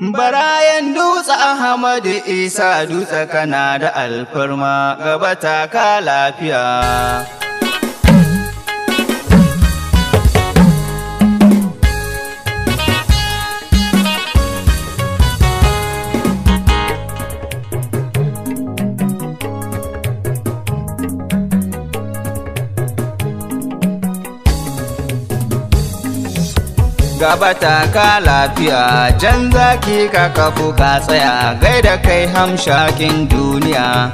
Barayan dutse Ahmadu Isa dutse kana da alfarma gaba ta ka lafiya. gaba ta ka lafiya jan zaki ka kafu ka tsaya da kai hamshakin duniya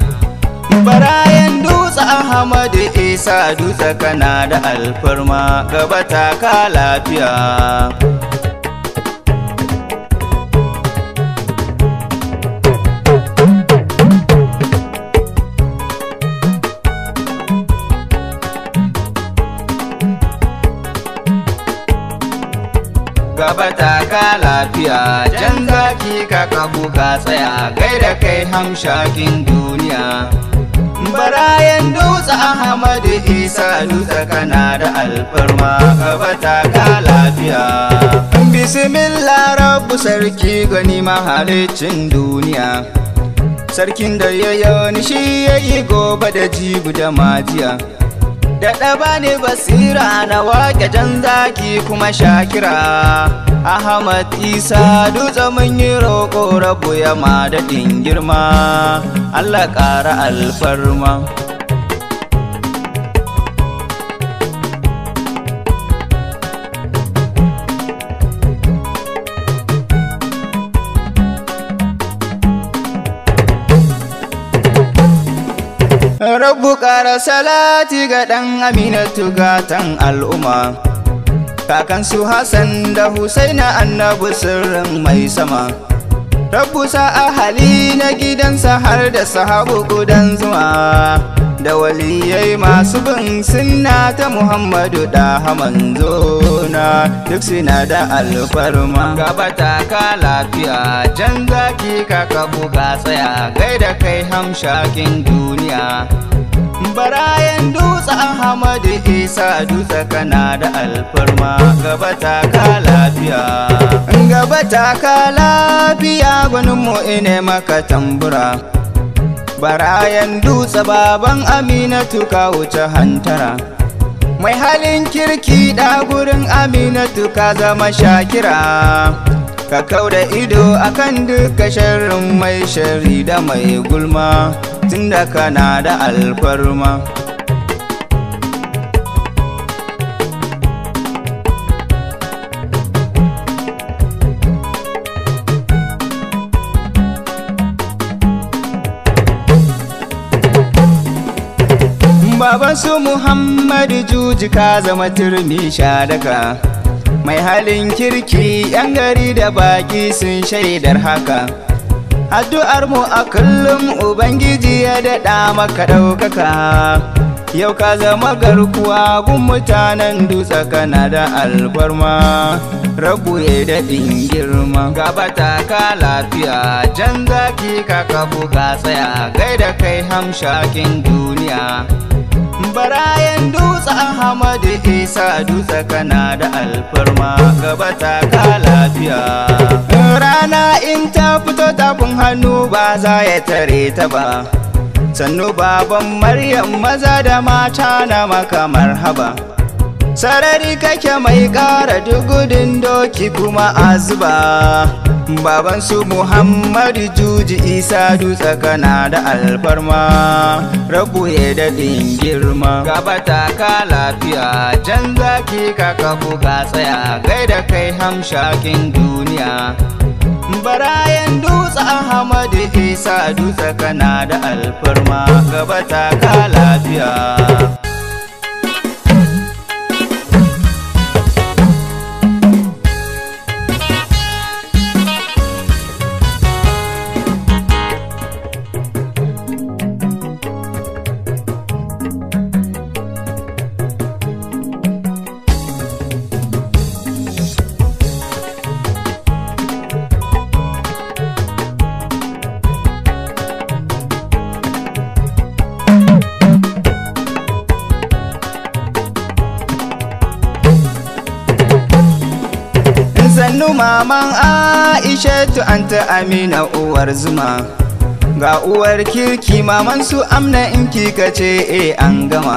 barayan dutse ahmadu isa dutse kana da alfarma gaba ta ka lafiya gaba ka lafiya jan zaki ka kabu ka tsaya da kai hamshakin duniya barayan dutse ahmadu isa dutse kana da alfarma gaba ka lafiya bismillah rabu sarki gani mahalicin duniya sarkin da ya yoni shi ya yi gobe da jibu da majiya Daɗa bani basira na wake jan zaki kuma shakira Ahmad Isa dutse mun yi roƙo rabu ya ma daɗin girma Allah ƙara alfarma Rabbu ƙara salati ga ɗan aminatu gatan al'umma Kakan su Hassan da Husaina annabu sirrin mai sama Rabbu sa'a hali na gidansa har da sahabu gudan zuma da waliyai masu bin sunna ta muhammadu da zona duk suna da alfarma gabata ka lafiya jan zaki ka kabu ka tsaya da kai hamshakin duniya barayan dutse ahmadu isa dutse kana da alfarma gabata ka lafiya gabata ka lafiya gwanin mu ine maka tambura barayan dutse baban aminatu ka wuce hantara mai halin kirki da gurin aminatu ka zama shakira ka da ido akan duka sharrin mai shari da mai gulma tunda kana da alfarma baban su muhammadu juji ka zama turmi shadaka mai halin kirki yan gari da baki sun shaidar haka addu'ar mu a kullum ubangiji ya daɗa maka ɗaukaka yau ka zama garkuwa gun mutanen dutse kana da alfarma rabu ya daɗin girma gabata ka lafiya jan zaki ka kafu ka tsaya gaida kai hamshakin duniya barayan dutse Ahmadu Isa dutse kana da alfarma gaba ta ka lafiya rana in ta fito tafin hannu ba za ya tare ta ba sannu baban Maryam maza da mata na maka marhaba sarari kake mai ƙara dugudin doki kuma azuba baban su muhammadu juji isa dutse kana da alfarma rabu ya daɗin girma gaba ka lafiya can zaki ka kafu ka tsaya da kai hamshakin duniya barayan dutse ahmadu isa dutse kana da alfarma gaba ka lafiya sannu maman an anta amina uwar zuma ga uwar kirki maman su amna in kika ce e an gama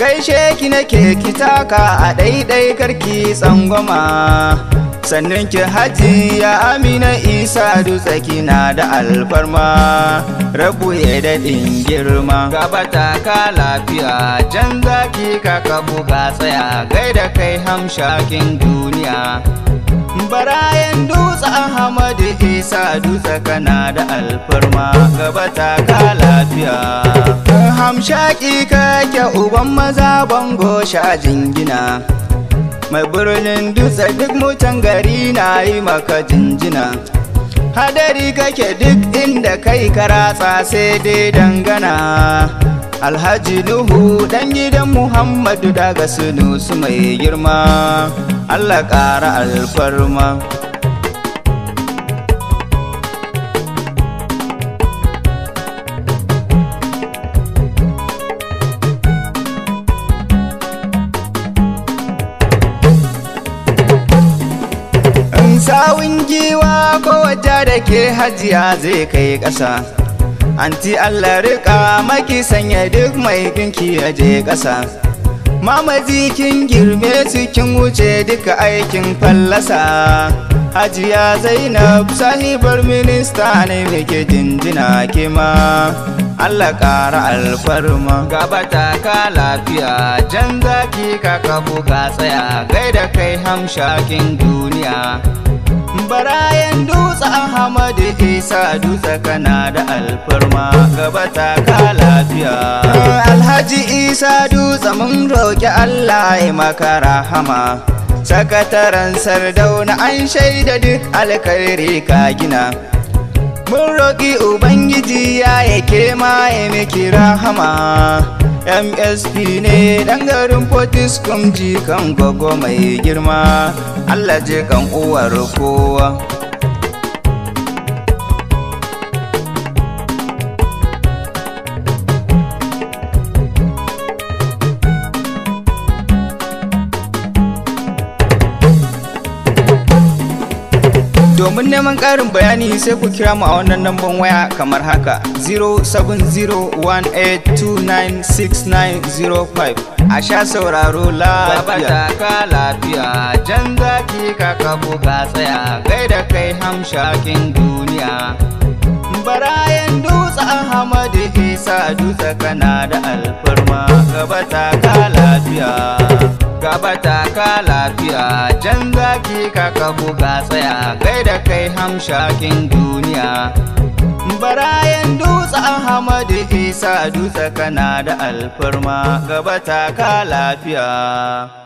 gaishe ki nake ki taka a daidai karki tsangwama sannan ki ya amina isa dutse kina da alfarma rabu ya daɗin girma gabata ka lafiya jan zaki ka kabu buga tsaya da kai hamshakin duniya barayan dutse ahmadu isa dutse kana da alfarma gabata ka lafiya hamshaki kake uban maza bango sha jingina mai birnin dutse duk mutan gari na yi maka jinjina hadari kake duk inda kai karatsa sai dai dangana alhaji nuhu dan gidan muhammadu daga sunusu mai girma allah ƙara alfarma sawun giwa ko kowace da ke hajiya zai kai ƙasa anti allah rika maki sanya duk mai ginki ya je ƙasa mamaji kin girme su kin wuce duka aikin fallasa hajiya zainab sahibar minista ne muke jinjina kima Allah ƙara alfarma gaba ta ka lafiya jan zaki ka kabu ka tsaya gaida kai hamshakin duniya barayan dutse ahmadu isa dutse kana da alfarma gaba ta ka lafiya alhaji isa dutse mun roƙi allah ya maka rahama sakataren sardauna an shaida duk alkhairi ka gina mun roƙi ubangiji ya yake ma ya miki rahama msp ne ɗan garin fortis ji kan gogo mai girma allah je kan uwar kowa abin neman ƙarin bayani sai ku kira mu a wannan lambar waya kamar haka 0701829695 a sha sauraro lafiya. ka lafiya jan zaki ka kabo ka tsaya kai da kai hamshakin duniya. Barayan dutse Ahmadu Isa dutse kana da alfarma gaba ta ka lafiya. bata ka lafiya jan zaki ka ka buga tsaya kai da kai hamshakin duniya barayan dutse ahmadu isa dutse kana da alfarma gaba ta ka lafiya